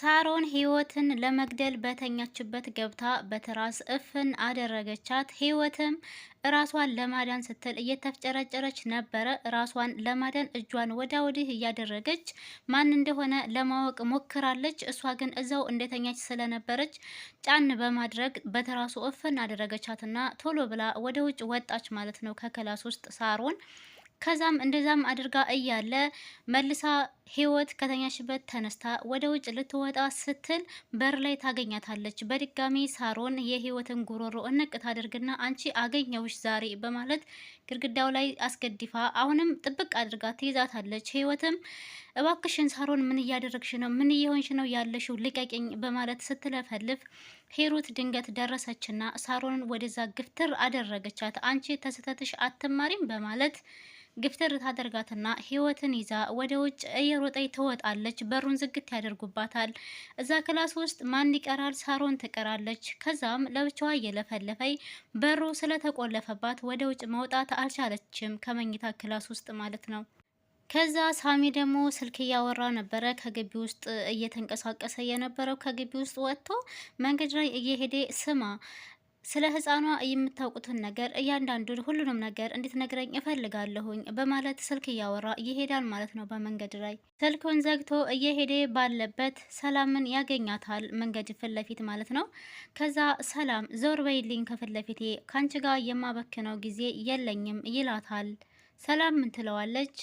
ሳሮን ህይወትን ለመግደል በተኛችበት ገብታ በትራስ እፍን አደረገቻት። ህይወትም ራሷን ለማዳን ስትል እየተፍጨረጨረች ነበረ። ራሷን ለማዳን እጇን ወዳ ወዲህ እያደረገች ማን እንደሆነ ለማወቅ ሞክራለች። እሷ ግን እዛው እንደተኛች ስለነበረች ጫን በማድረግ በትራሱ እፍን አደረገቻትና ቶሎ ብላ ወደ ውጭ ወጣች ማለት ነው ከክላስ ውስጥ ሳሮን ከዛም እንደዛም አድርጋ እያለ መልሳ ህይወት ከተኛሽበት ተነስታ ወደ ውጭ ልትወጣ ስትል በር ላይ ታገኛታለች። በድጋሚ ሳሮን የህይወትን ጉሮሮ እንቅ ታደርግና አንቺ አገኘውሽ ዛሬ በማለት ግድግዳው ላይ አስገድፋ አሁንም ጥብቅ አድርጋ ትይዛታለች። ህይወትም እባክሽን ሳሮን ምን እያደረግሽ ነው? ምን እየሆንሽ ነው ያለሽው? ልቀቅኝ በማለት ስትለፈልፍ ሂሩት ድንገት ደረሰችና ሳሮንን ወደዛ ግፍትር አደረገቻት። አንቺ ተስተትሽ አትማሪም በማለት ግፍትር ታደርጋትና ህይወትን ይዛ ወደ ውጭ እየሮጠይ ትወጣለች። በሩን ዝግት ያደርጉባታል። እዛ ክላስ ውስጥ ማን ይቀራል? ሳሮን ትቀራለች። ከዛም ለብቻዋ እየለፈለፈይ በሩ ስለተቆለፈባት ወደ ውጭ መውጣት አልቻለችም። ከመኝታ ክላስ ውስጥ ማለት ነው። ከዛ ሳሚ ደግሞ ስልክ እያወራ ነበረ። ከግቢ ውስጥ እየተንቀሳቀሰ የነበረው ከግቢ ውስጥ ወጥቶ መንገድ ላይ እየሄደ ስማ ስለ ህፃኗ የምታውቁትን ነገር እያንዳንዱን ሁሉንም ነገር እንዴት ነግረኝ እፈልጋለሁኝ በማለት ስልክ እያወራ ይሄዳል ማለት ነው። በመንገድ ላይ ስልኩን ዘግቶ እየሄደ ባለበት ሰላምን ያገኛታል፣ መንገድ ፊት ለፊት ማለት ነው። ከዛ ሰላም ዞር በይልኝ ከፊት ለፊቴ ከአንቺ ጋር የማበክነው ጊዜ የለኝም ይላታል። ሰላም ምን ትለዋለች?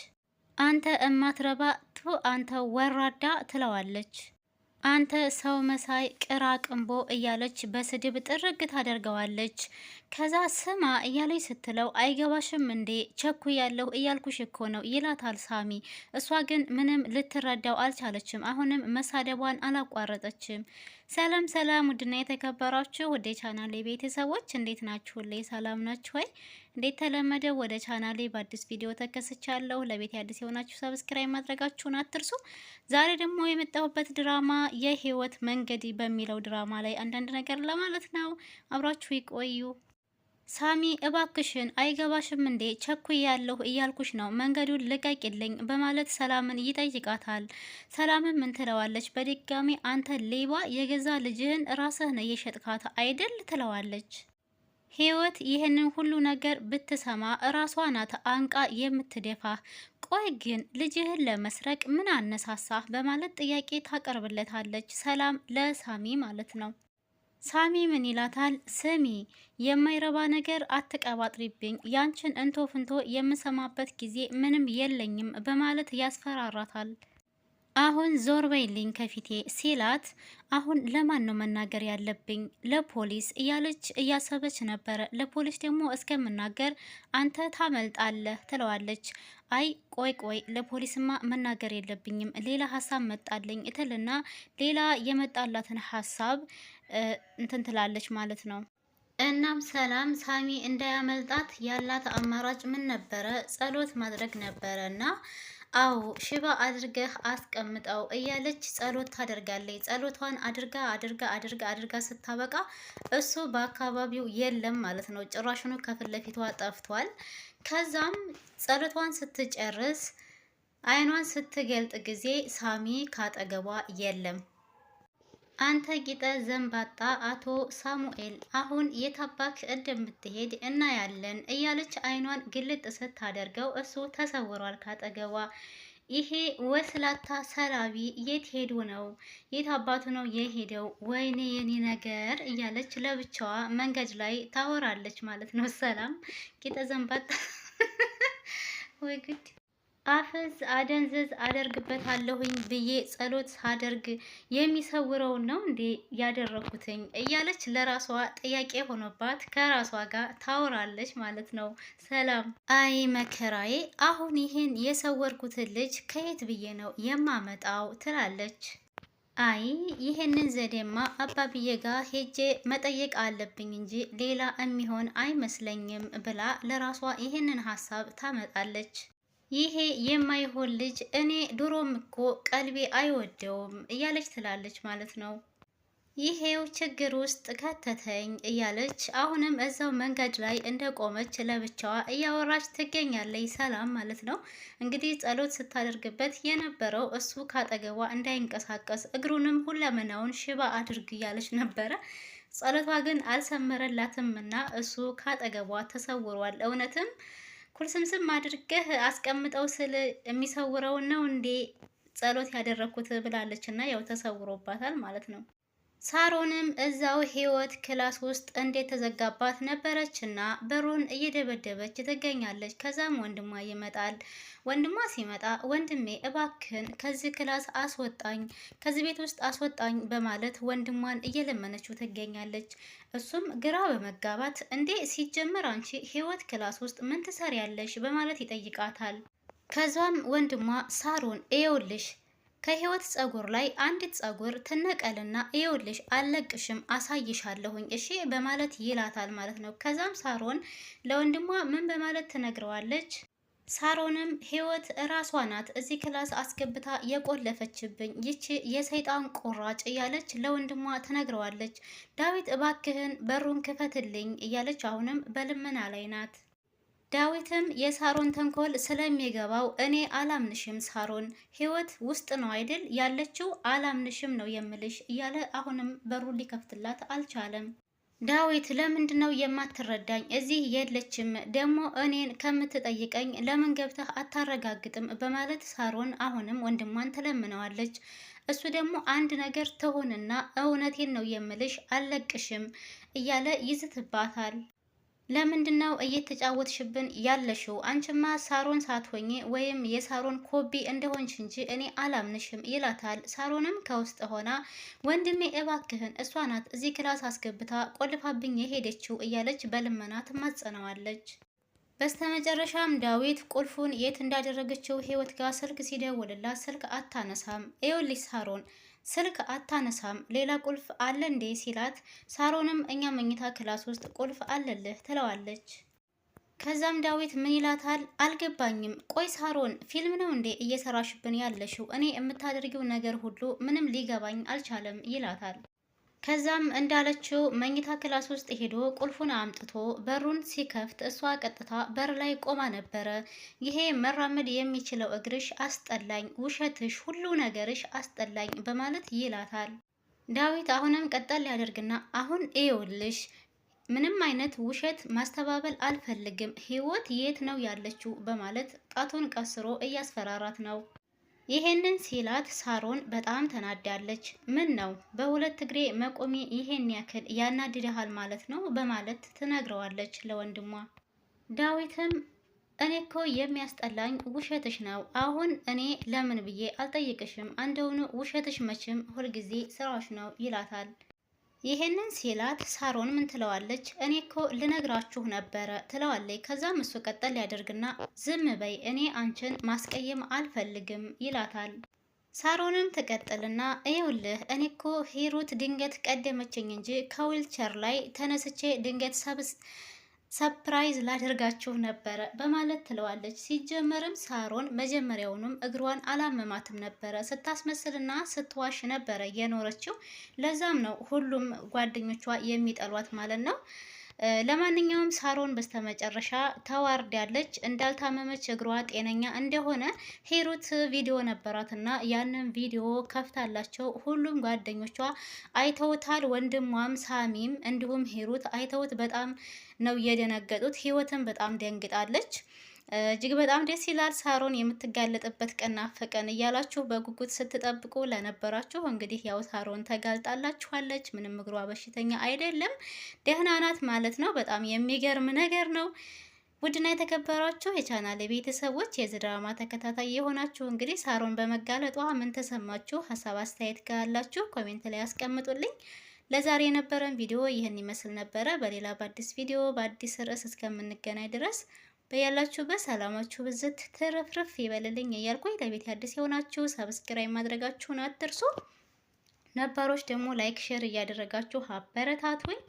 አንተ እማትረባ ቱ አንተ ወራዳ ትለዋለች። አንተ ሰው መሳይ ቅራቅንቦ እያለች በስድብ ጥርግ ታደርገዋለች። ከዛ ስማ እያለች ስትለው አይገባሽም እንዴ ቸኩ ያለው እያልኩሽ እኮ ነው ይላታል ሳሚ። እሷ ግን ምንም ልትረዳው አልቻለችም። አሁንም መሳደቧን አላቋረጠችም። ሰላም ሰላም፣ ውድና የተከበራችሁ ወደ ቻናሌ ቤተሰቦች እንዴት ላይ ሰላም ናችሁ ወይ? እንዴት ተለመደው ወደ ቻናሌ በአዲስ ቪዲዮ ተከስቻለሁ። ለቤት አዲስ የሆናችሁ ሰብስክራይብ ማድረጋችሁን አትርሱ። ዛሬ ደግሞ የመጣሁበት ድራማ የህይወት መንገድ በሚለው ድራማ ላይ አንዳንድ ነገር ለማለት ነው። አብራችሁ ይቆዩ። ሳሚ እባክሽን አይገባሽም እንዴ ያለሁ እያልኩሽ ነው መንገዱን ልቀቂልኝ በማለት ሰላምን ይጠይቃታል። ሰላምን ምን ትለዋለች? በድጋሚ አንተ ሌባ የገዛ ልጅህን ራስህ ነው የሸጥካት አይደል ትለዋለች። ህይወት ይህንን ሁሉ ነገር ብትሰማ እራሷ ናት አንቃ የምትደፋ። ቆይ ግን ልጅህን ለመስረቅ ምን አነሳሳ? በማለት ጥያቄ ታቀርብለታለች። ሰላም ለሳሚ ማለት ነው። ሳሚ ምን ይላታል? ስሚ የማይረባ ነገር አትቀባጥሪብኝ፣ ያንችን እንቶ ፍንቶ የምሰማበት ጊዜ ምንም የለኝም በማለት ያስፈራራታል። አሁን ዞር በይልኝ ከፊቴ ሲላት፣ አሁን ለማን ነው መናገር ያለብኝ? ለፖሊስ እያለች እያሰበች ነበረ። ለፖሊስ ደግሞ እስከምናገር አንተ ታመልጣለህ ትለዋለች። አይ ቆይ ቆይ ለፖሊስማ መናገር የለብኝም ሌላ ሀሳብ መጣለኝ እትልና ሌላ የመጣላትን ሀሳብ እንትን ትላለች ማለት ነው። እናም ሰላም ሳሚ እንዳያመልጣት ያላት አማራጭ ምን ነበረ? ጸሎት ማድረግ ነበረ እና አዎ ሽባ አድርገህ አስቀምጠው እያለች ጸሎት ታደርጋለች። ጸሎቷን አድርጋ አድርጋ አድርጋ አድርጋ ስታበቃ እሱ በአካባቢው የለም ማለት ነው። ጭራሽኑ ከፊት ለፊቷ ጠፍቷል። ከዛም ጸሎቷን ስትጨርስ አይኗን ስትገልጥ ጊዜ ሳሚ ካጠገቧ የለም። አንተ ጌጠ ዘንባጣ አቶ ሳሙኤል አሁን የታባክ እንደምትሄድ እናያለን እያለች አይኗን ግልጥ ስታደርገው እሱ ተሰውሯል ካጠገቧ። ይሄ ወስላታ ሰላቢ የት ሄዱ ነው? የት አባቱ ነው የሄደው? ወይኔ የኔ ነገር እያለች ለብቻዋ መንገድ ላይ ታወራለች ማለት ነው። ሰላም ጌጠ ዘንባጣ ወይ አፍዝ አደንዝዝ አደርግበታለሁኝ ብዬ ጸሎት ሳደርግ የሚሰውረውን ነው እንዴ ያደረግኩትኝ? እያለች ለራሷ ጥያቄ ሆኖባት ከራሷ ጋር ታወራለች ማለት ነው። ሰላም፣ አይ መከራዬ፣ አሁን ይህን የሰወርኩትን ልጅ ከየት ብዬ ነው የማመጣው? ትላለች። አይ ይህንን ዘዴማ አባብዬ ጋር ሄጄ መጠየቅ አለብኝ እንጂ ሌላ የሚሆን አይመስለኝም ብላ ለራሷ ይህንን ሀሳብ ታመጣለች። ይሄ የማይሆን ልጅ እኔ ድሮም እኮ ቀልቤ አይወደውም እያለች ትላለች ማለት ነው። ይሄው ችግር ውስጥ ከተተኝ እያለች አሁንም እዛው መንገድ ላይ እንደቆመች ለብቻዋ እያወራች ትገኛለች። ሰላም ማለት ነው እንግዲህ ጸሎት ስታደርግበት የነበረው እሱ ካጠገቧ እንዳይንቀሳቀስ እግሩንም ሁለመናውን ሽባ አድርግ እያለች ነበረ። ጸሎቷ ግን አልሰመረላትም እና እሱ ካጠገቧ ተሰውሯል። እውነትም ኩልስምስም አድርገህ አስቀምጠው ስል የሚሰውረውን ነው እንዴ ጸሎት ያደረግኩት ብላለች እና ያው ተሰውሮባታል ማለት ነው። ሳሮንም እዛው ህይወት ክላስ ውስጥ ተዘጋባት ነበረች እና በሩን እየደበደበች ትገኛለች። ከዛም ወንድሟ ይመጣል። ወንድሟ ሲመጣ ወንድሜ እባክህን ከዚህ ክላስ አስወጣኝ፣ ከዚህ ቤት ውስጥ አስወጣኝ በማለት ወንድሟን እየለመነችው ትገኛለች። እሱም ግራ በመጋባት እንዴ ሲጀመር አንቺ ህይወት ክላስ ውስጥ ምን ትሰሪያለሽ? በማለት ይጠይቃታል። ከዛም ወንድሟ ሳሮን እየውልሽ ከህይወት ጸጉር ላይ አንዲት ጸጉር ትነቀልና ይኸውልሽ አልለቅሽም አሳይሻለሁኝ እሺ በማለት ይላታል ማለት ነው። ከዛም ሳሮን ለወንድሟ ምን በማለት ትነግረዋለች። ሳሮንም ህይወት ራሷ ናት እዚህ ክላስ አስገብታ የቆለፈችብኝ ይቺ የሰይጣን ቁራጭ እያለች ለወንድሟ ትነግረዋለች። ዳዊት እባክህን በሩን ክፈትልኝ እያለች አሁንም በልመና ላይ ናት። ዳዊትም የሳሮን ተንኮል ስለሚገባው እኔ አላምንሽም ሳሮን፣ ህይወት ውስጥ ነው አይደል ያለችው? አላምንሽም ነው የምልሽ እያለ አሁንም በሩ ሊከፍትላት አልቻለም። ዳዊት ለምንድን ነው የማትረዳኝ? እዚህ የለችም። ደግሞ እኔን ከምትጠይቀኝ ለምን ገብተህ አታረጋግጥም? በማለት ሳሮን አሁንም ወንድሟን ትለምነዋለች። እሱ ደግሞ አንድ ነገር ትሆንና እውነቴን ነው የምልሽ አለቅሽም እያለ ይዝትባታል። ለምንድን ነው እየተጫወትሽብን ያለሽው? አንቺማ ሳሮን ሳትሆኚ ወይም የሳሮን ኮቢ እንደሆንሽ እንጂ እኔ አላምንሽም ይላታል። ሳሮንም ከውስጥ ሆና ወንድሜ እባክህን፣ እሷ ናት እዚህ ክላስ አስገብታ ቆልፋብኝ የሄደችው እያለች በልመና ትማጸነዋለች። በስተመጨረሻም ዳዊት ቁልፉን የት እንዳደረገችው ህይወት ጋር ስልክ ሲደውልላት ስልክ አታነሳም። ይኸውልሽ ሳሮን ስልክ አታነሳም፣ ሌላ ቁልፍ አለ እንዴ ሲላት፣ ሳሮንም እኛ መኝታ ክላስ ውስጥ ቁልፍ አለልህ ትለዋለች። ከዛም ዳዊት ምን ይላታል አልገባኝም። ቆይ ሳሮን ፊልም ነው እንዴ እየሰራሽብን ያለሽው? እኔ የምታደርጊው ነገር ሁሉ ምንም ሊገባኝ አልቻለም ይላታል። ከዛም እንዳለችው መኝታ ክላስ ውስጥ ሄዶ ቁልፉን አምጥቶ በሩን ሲከፍት እሷ ቀጥታ በር ላይ ቆማ ነበረ። ይሄ መራመድ የሚችለው እግርሽ አስጠላኝ፣ ውሸትሽ፣ ሁሉ ነገርሽ አስጠላኝ በማለት ይላታል። ዳዊት አሁንም ቀጠል ያደርግና አሁን እየውልሽ ምንም አይነት ውሸት ማስተባበል አልፈልግም፣ ህይወት የት ነው ያለችው በማለት ጣቱን ቀስሮ እያስፈራራት ነው። ይሄንን ሲላት ሳሮን በጣም ተናዳለች። ምን ነው በሁለት እግሬ መቆሜ ይሄን ያክል ያናድድሃል ማለት ነው በማለት ትነግረዋለች ለወንድሟ ዳዊትም እኔ እኮ የሚያስጠላኝ ውሸትሽ ነው። አሁን እኔ ለምን ብዬ አልጠይቅሽም፣ አንደውኑ ውሸትሽ መቼም ሁልጊዜ ስራዎች ነው ይላታል። ይሄንን ሲላት ሳሮን ምን ትለዋለች? እኔ እኮ ልነግራችሁ ነበረ ትለዋለች። ከዛም እሱ ቀጠል ሊያደርግና ዝም በይ እኔ አንቺን ማስቀየም አልፈልግም ይላታል። ሳሮንም ትቀጥልና እየውልህ እኔ እኮ ሂሩት ድንገት ቀደመችኝ እንጂ ከዊልቸር ላይ ተነስቼ ድንገት ሰብስ ሰፕራይዝ ላደርጋችሁ ነበረ በማለት ትለዋለች። ሲጀመርም ሳሮን መጀመሪያውንም እግሯን አላመማትም ነበረ። ስታስመስልና ስትዋሽ ነበረ የኖረችው። ለዛም ነው ሁሉም ጓደኞቿ የሚጠሏት ማለት ነው። ለማንኛውም ሳሮን በስተመጨረሻ ተዋርዳለች። እንዳልታመመች እግሯ ጤነኛ እንደሆነ ሂሩት ቪዲዮ ነበራትና ያንን ቪዲዮ ከፍታላቸው ሁሉም ጓደኞቿ አይተውታል። ወንድሟም ሳሚም እንዲሁም ሂሩት አይተውት በጣም ነው የደነገጡት። ህይወትን በጣም ደንግጣለች። እጅግ በጣም ደስ ይላል። ሳሮን የምትጋለጥበት ቀን ናፈቀን እያላችሁ በጉጉት ስትጠብቁ ለነበራችሁ እንግዲህ ያው ሳሮን ተጋልጣላችኋለች። ምንም እግሯ በሽተኛ አይደለም፣ ደህና ናት ማለት ነው። በጣም የሚገርም ነገር ነው። ውድና የተከበራችሁ የቻናል ቤተሰቦች የዚህ ድራማ ተከታታይ የሆናችሁ እንግዲህ ሳሮን በመጋለጧ ምን ተሰማችሁ? ሀሳብ አስተያየት ካላችሁ ኮሜንት ላይ አስቀምጡልኝ ለዛሬ የነበረን ቪዲዮ ይህን ይመስል ነበረ። በሌላ በአዲስ ቪዲዮ በአዲስ ርዕስ እስከምንገናኝ ድረስ በያላችሁበት ሰላማችሁ ብዝት ትርፍርፍ ይበልልኝ እያልኩኝ ለቤት አዲስ የሆናችሁ ሰብስክራይብ ማድረጋችሁን አትርሱ። ነባሮች ደግሞ ላይክ፣ ሼር እያደረጋችሁ አበረታቱኝ።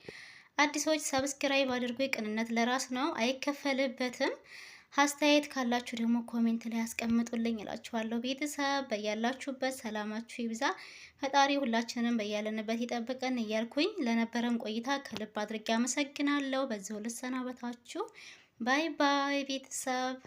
አዲሶች ሰብስክራይብ አድርጉ። ቅንነት ለራስ ነው፣ አይከፈልበትም። አስተያየት ካላችሁ ደግሞ ኮሜንት ላይ አስቀምጡልኝ እላችኋለሁ። ቤተሰብ በያላችሁበት ሰላማችሁ ይብዛ። ፈጣሪ ሁላችንም በያለንበት ይጠብቀን እያልኩኝ ለነበረን ቆይታ ከልብ አድርጌ አመሰግናለሁ። በዚሁ ልሰናበታችሁ። Bye bye with sub.